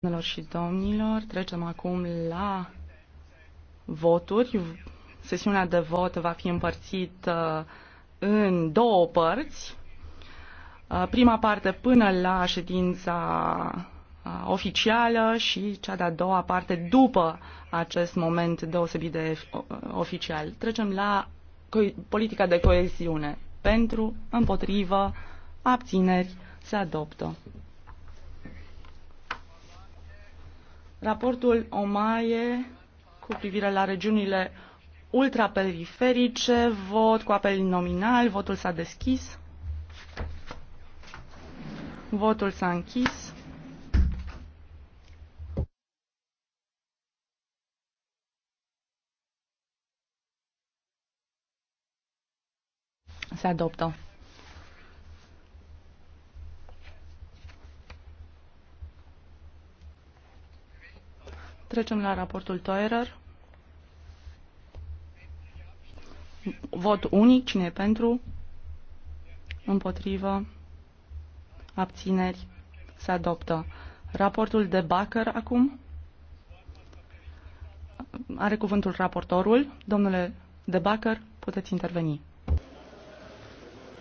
Domnilor și domnilor, trecem acum la voturi. Sesiunea de vot va fi împărțită în două părți. Uh, prima parte până la ședința uh, oficială și cea de-a doua parte după acest moment deosebit de uh, oficial. Trecem la politica de coeziune. Pentru, împotrivă, abțineri, se adoptă. Raportul Omaie cu privire la regiunile ultraperiferice, vot cu apel nominal, votul s-a deschis, votul s-a închis. Se adoptă. Trecem la raportul Toerer. Vot unic. Cine e pentru? Împotrivă. Abțineri. Se adoptă. Raportul de Bacher acum. Are cuvântul raportorul. Domnule de Bacher, puteți interveni.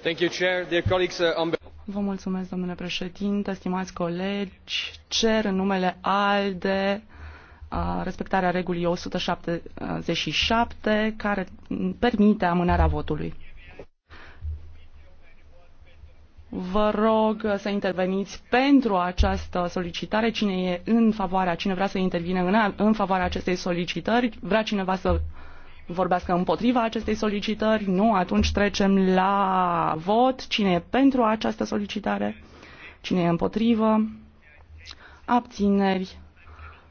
Thank you, Chair. Dear colleagues, uh, Vă mulțumesc, domnule președinte, stimați colegi. Cer în numele ALDE respectarea regulii 177 care permite amânarea votului. Vă rog să interveniți pentru această solicitare. Cine e în favoarea, cine vrea să intervine în, în favoarea acestei solicitări, vrea cineva să vorbească împotriva acestei solicitări? Nu, atunci trecem la vot. Cine e pentru această solicitare? Cine e împotrivă? Abțineri.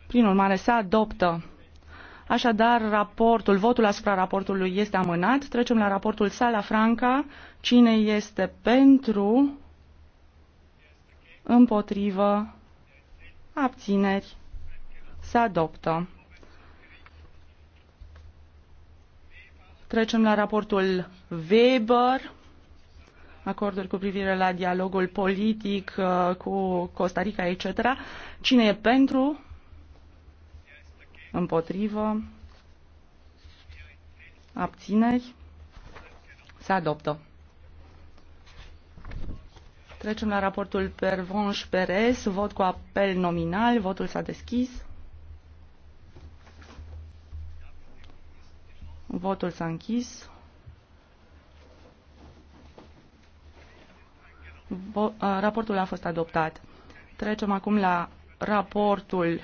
Prin urmare, se adoptă. Așadar, raportul, votul asupra raportului este amânat. Trecem la raportul Sala Franca. Cine este pentru? Împotrivă? Abțineri? Se adoptă. Trecem la raportul Weber, acordul cu privire la dialogul politic uh, cu Costa Rica, etc. Cine e pentru? împotrivă, abțineri, se adoptă. Trecem la raportul Pervonș Perez, vot cu apel nominal, votul s-a deschis. Votul s-a închis. Vo raportul a fost adoptat. Trecem acum la raportul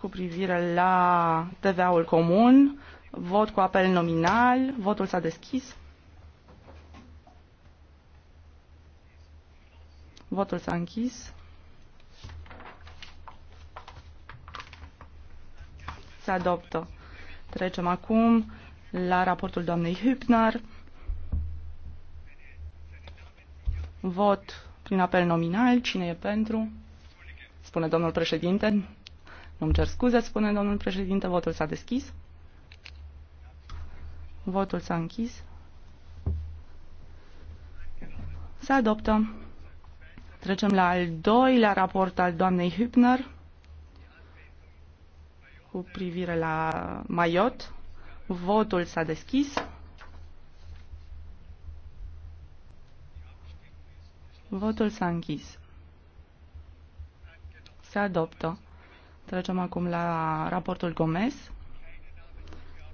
cu privire la TVA-ul comun. Vot cu apel nominal. Votul s-a deschis. Votul s-a închis. Se adoptă. Trecem acum la raportul doamnei Hübner. Vot prin apel nominal. Cine e pentru? Spune domnul președinte. Nu-mi cer scuze, spune domnul președinte, votul s-a deschis. Votul s-a închis. Se adoptă. Trecem la al doilea raport al doamnei Hübner cu privire la Maiot. Votul s-a deschis. Votul s-a închis. Se adoptă. Trecem acum la raportul Gomez.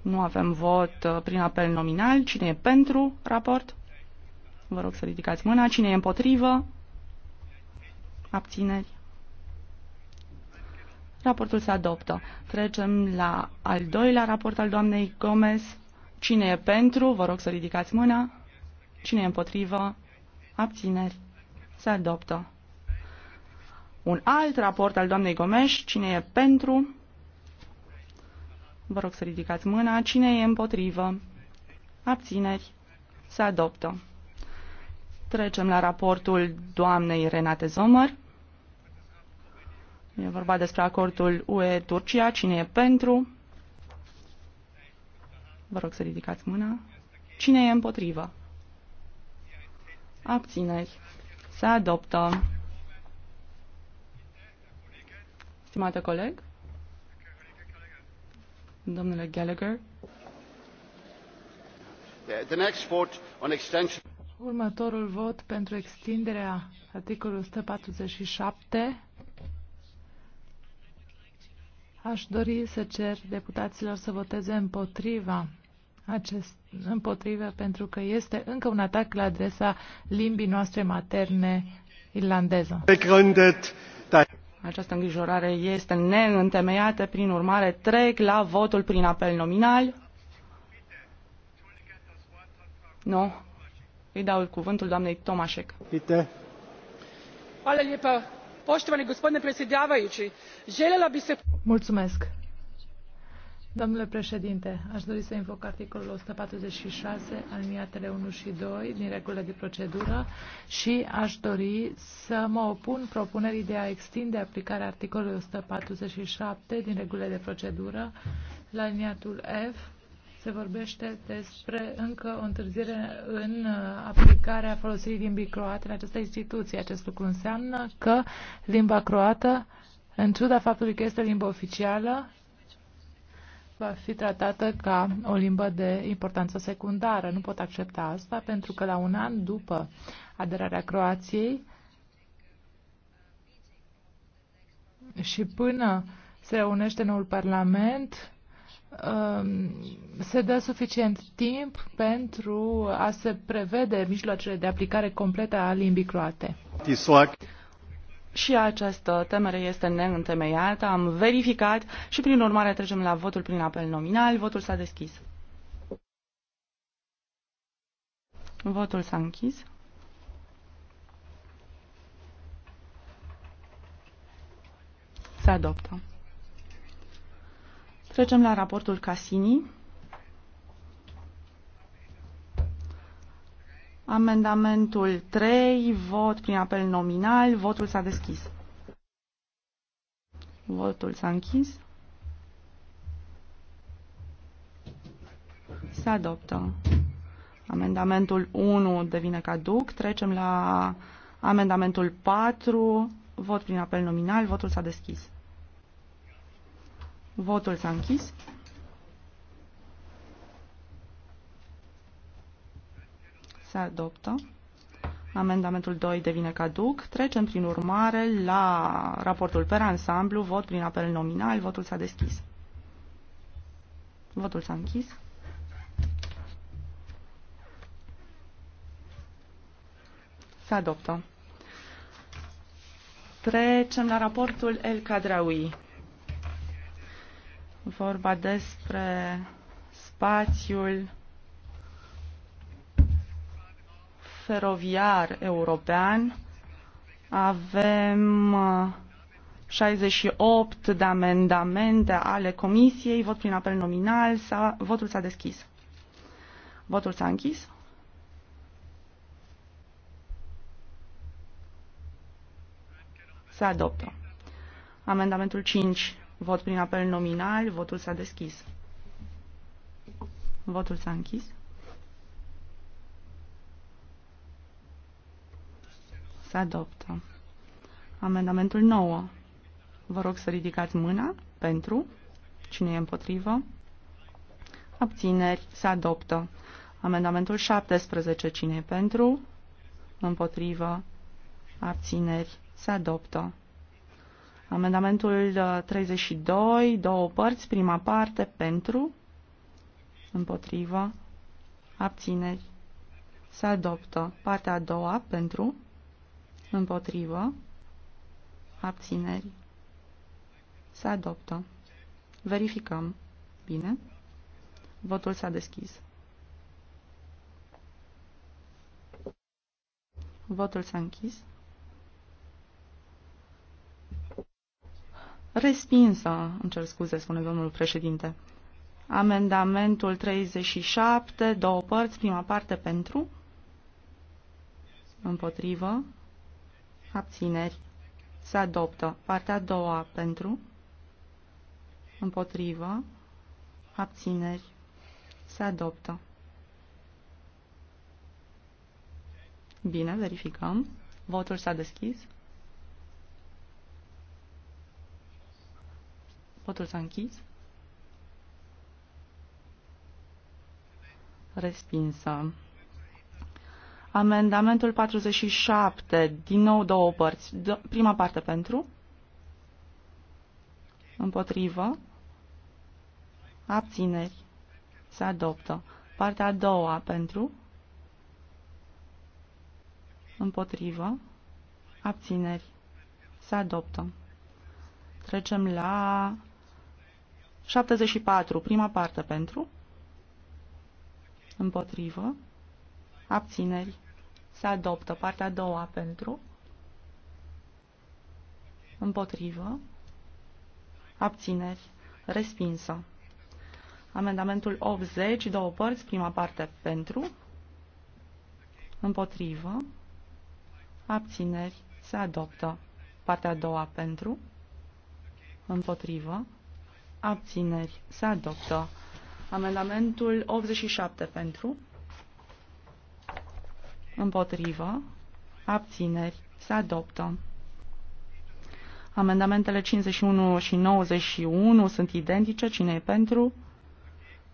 Nu avem vot uh, prin apel nominal. Cine e pentru raport? Vă rog să ridicați mâna. Cine e împotrivă? Abțineri. Raportul se adoptă. Trecem la al doilea raport al doamnei Gomez. Cine e pentru? Vă rog să ridicați mâna. Cine e împotrivă? Abțineri. Se adoptă un alt raport al doamnei Gomes. Cine e pentru? Vă rog să ridicați mâna. Cine e împotrivă? Abțineri. Se adoptă. Trecem la raportul doamnei Renate Zomăr. E vorba despre acordul UE-Turcia. Cine e pentru? Vă rog să ridicați mâna. Cine e împotrivă? Abțineri. Se adoptă. stimate coleg, domnule Gallagher. The next vote on extension. Următorul vot pentru extinderea articolului 147. Aș dori să cer deputaților să voteze împotriva acest, împotriva, pentru că este încă un atac la adresa limbii noastre materne irlandeză. Begründet această îngrijorare este neîntemeiată, prin urmare trec la votul prin apel nominal. Nu. Îi dau cuvântul doamnei Tomașec. Hvala lijepa. Poštovani gospodine predsjedavajući, željela bi se... Mulțumesc. Domnule președinte, aș dori să invoc articolul 146, aliniatele 1 și 2 din regulile de procedură și aș dori să mă opun propunerii de a extinde aplicarea articolului 147 din regulile de procedură la aliniatul F. Se vorbește despre încă o întârziere în aplicarea folosirii limbii croate în această instituție. Acest lucru înseamnă că limba croată, în ciuda faptului că este limba oficială, va fi tratată ca o limbă de importanță secundară. Nu pot accepta asta pentru că la un an după aderarea Croației și până se reunește noul Parlament, um, se dă suficient timp pentru a se prevede mijloacele de aplicare completă a limbii croate și această temere este neîntemeiată. Am verificat și, prin urmare, trecem la votul prin apel nominal. Votul s-a deschis. Votul s-a închis. Se adoptă. Trecem la raportul Casini. Amendamentul 3, vot prin apel nominal, votul s-a deschis. Votul s-a închis. Se adoptă. Amendamentul 1 devine caduc. Trecem la amendamentul 4, vot prin apel nominal, votul s-a deschis. Votul s-a închis. se adoptă. Amendamentul 2 devine caduc. Trecem prin urmare la raportul per ansamblu, vot prin apel nominal, votul s-a deschis. Votul s-a închis. Se adoptă. Trecem la raportul El Cadraui. Vorba despre spațiul feroviar european avem 68 uh, de amendamente ale comisiei, vot prin apel nominal, s-a, votul s-a deschis. Votul s-a închis. Se adoptă. Amendamentul 5, vot prin apel nominal, votul s-a deschis. Votul s-a închis. Se adoptă. Amendamentul 9. Vă rog să ridicați mâna pentru. Cine e împotrivă? Abțineri. Se adoptă. Amendamentul 17. Cine e pentru? Împotrivă. Abțineri. Se adoptă. Amendamentul 32, uh, două părți, prima parte, pentru, împotrivă, abțineri, se adoptă. Partea a doua, pentru, Împotrivă. Abțineri. Se adoptă. Verificăm. Bine. Votul s-a deschis. Votul s-a închis. Respinsă, îmi cer scuze, spune domnul președinte. Amendamentul 37, două părți, prima parte pentru, împotrivă, abțineri, se adoptă. Partea a doua pentru, împotrivă, abțineri, se adoptă. Bine, verificăm. Votul s-a deschis. Votul s-a închis. Respinsă. Amendamentul 47, din nou două părți. Prima parte pentru, împotrivă, abțineri, se adoptă. Partea a doua pentru, împotrivă, abțineri, se adoptă. Trecem la 74, prima parte pentru, împotrivă, abțineri, se adoptă. Partea a doua pentru. Împotrivă. Abțineri. Respinsă. Amendamentul 80, două părți, prima parte pentru, împotrivă, abțineri, se adoptă. Partea a doua pentru, împotrivă, abțineri, se adoptă. Amendamentul 87 pentru, Împotrivă. Abțineri. Se adoptă. Amendamentele 51 și 91 sunt identice. Cine e pentru?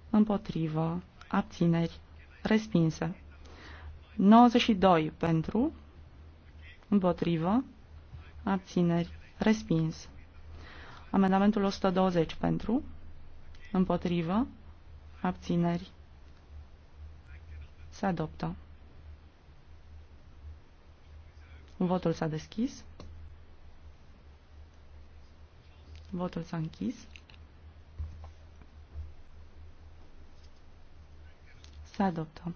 Împotrivă. Abțineri. Respinse. 92 pentru. Împotrivă. Abțineri. Respins. Amendamentul 120 pentru. Împotrivă. Abțineri. Se adoptă. Votul s-a deschis. Votul s-a închis. Se adoptă.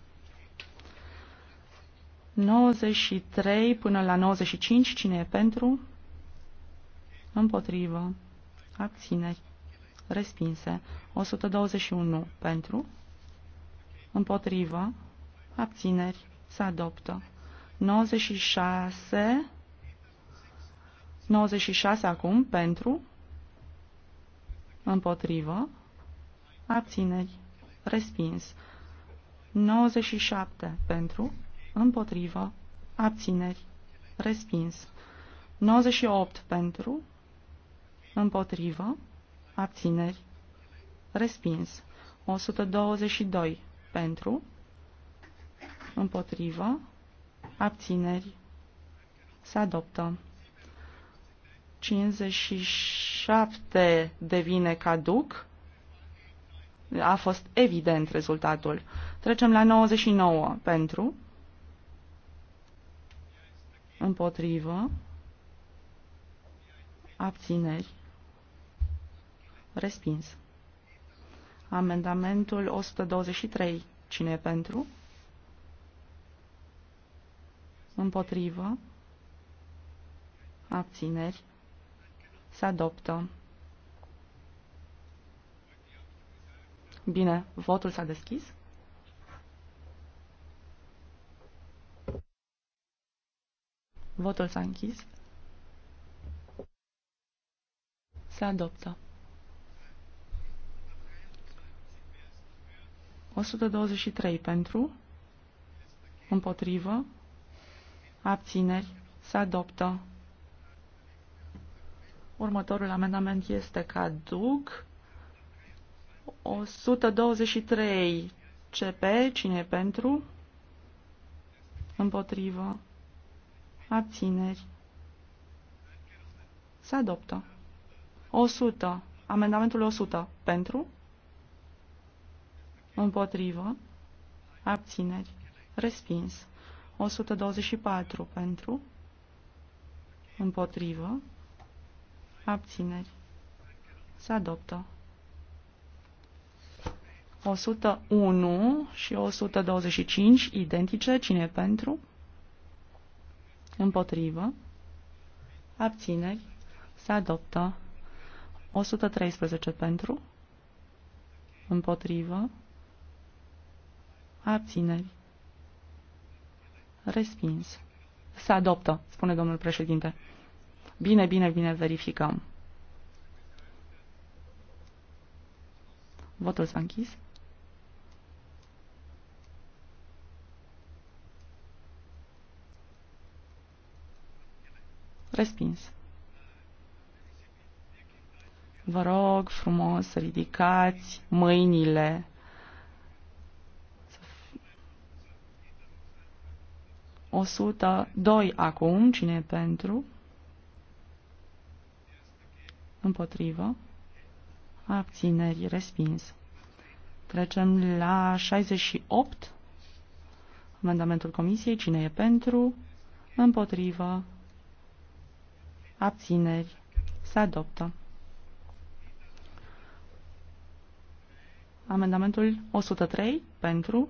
93 până la 95, cine e pentru? Împotrivă. Abțineri. Respinse. 121 pentru. Împotrivă. Abțineri. Se adoptă. 96, 96 acum pentru, împotrivă, abțineri, respins. 97 pentru, împotrivă, abțineri, respins. 98 pentru, împotrivă, abțineri, respins. 122 pentru, împotrivă, abțineri, se adoptă. 57 devine caduc. A fost evident rezultatul. Trecem la 99 pentru, împotrivă, abțineri, respins. Amendamentul 123. Cine e pentru? Împotrivă. Abțineri. Se adoptă. Bine, votul s-a deschis. Votul s-a închis. Se adoptă. 123 pentru, împotrivă, abțineri, se adoptă. Următorul amendament este caduc. 123 CP, cine e pentru? Împotrivă. Abțineri. Se adoptă. 100. Amendamentul 100. Pentru? Împotrivă. Abțineri. Respins. 124 pentru, împotrivă, abțineri, se adoptă. 101 și 125 identice, cine pentru, împotrivă, abțineri, se adoptă. 113 pentru, împotrivă, abțineri. Respins. Se adoptă, spune domnul președinte. Bine, bine, bine, verificăm. Votul s-a închis. Respins. Vă rog frumos, ridicați mâinile 102 acum. Cine e pentru? Împotrivă. Abțineri. Respins. Trecem la 68. Amendamentul comisiei. Cine e pentru? Împotrivă. Abțineri. Se adoptă. Amendamentul 103 pentru,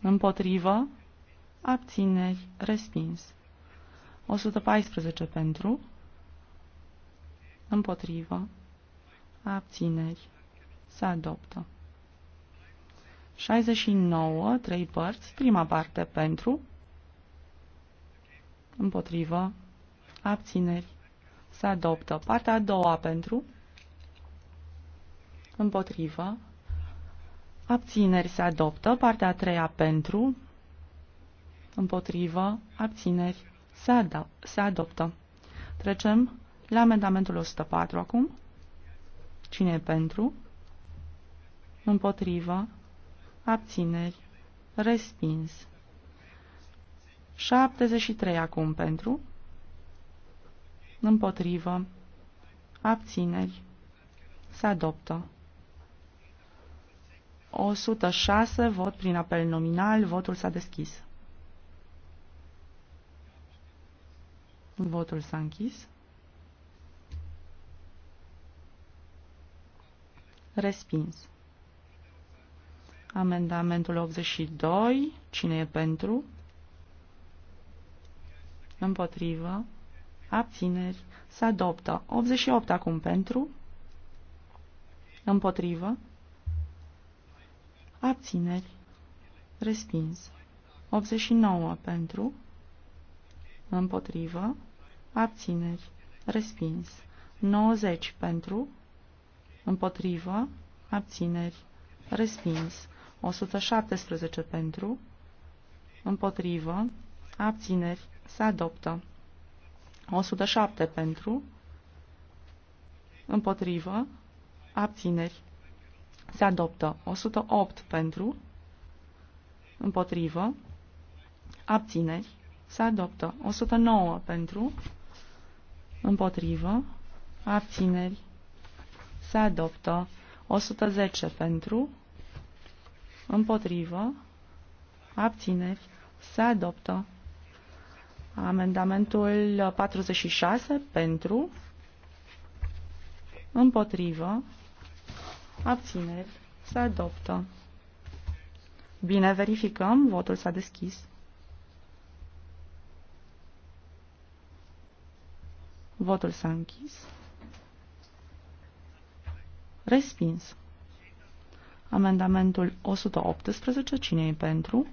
împotrivă, abțineri, respins. 114 pentru, împotrivă, abțineri, se adoptă. 69, trei părți, prima parte pentru, împotrivă, abțineri, se adoptă. Partea a doua pentru, împotrivă, abțineri se adoptă. Partea a treia pentru, împotrivă, abțineri, se, ad se adoptă. Trecem la amendamentul 104 acum. Cine e pentru? Împotrivă, abțineri, respins. 73 acum pentru, împotrivă, abțineri, se adoptă. 106 vot prin apel nominal, votul s-a deschis. Votul s-a închis. Respins. Amendamentul 82. Cine e pentru? Împotrivă. Abțineri. Se adoptă. 88 acum pentru. Împotrivă. Abțineri. Respins. 89 pentru împotrivă, abțineri, respins. 90 pentru, împotrivă, abțineri, respins. 117 pentru, împotrivă, abțineri, se adoptă. 107 pentru, împotrivă, abțineri, se adoptă. 108 pentru, împotrivă, abțineri, se adoptă. 109 pentru, împotrivă, abțineri, se adoptă. 110 pentru, împotrivă, abțineri, se adoptă. Amendamentul 46 pentru, împotrivă, abțineri, se adoptă. Bine, verificăm, votul s-a deschis. Votul s-a închis. Respins. Amendamentul 118. Cine e pentru?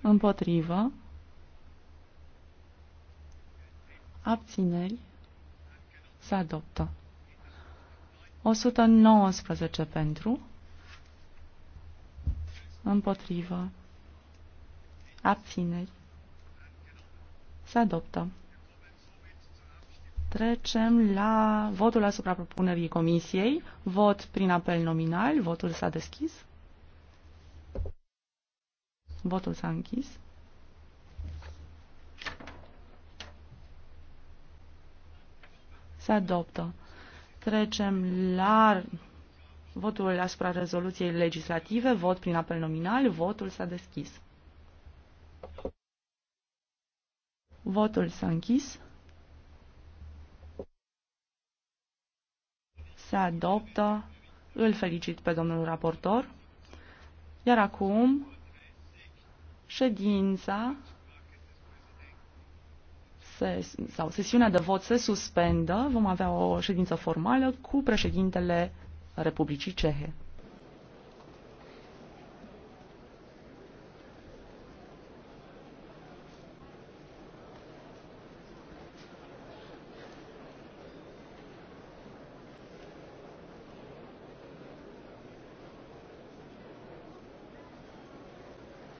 Împotrivă. Abțineri. Se adoptă. 119 pentru. Împotrivă. Abțineri. Se adoptă. Trecem la votul asupra propunerii comisiei. Vot prin apel nominal. Votul s-a deschis. Votul s-a închis. Se adoptă. Trecem la votul asupra rezoluției legislative. Vot prin apel nominal. Votul s-a deschis. Votul s-a închis. Se adoptă. Îl felicit pe domnul raportor. Iar acum, ședința se, sau sesiunea de vot se suspendă. Vom avea o ședință formală cu președintele Republicii Cehe.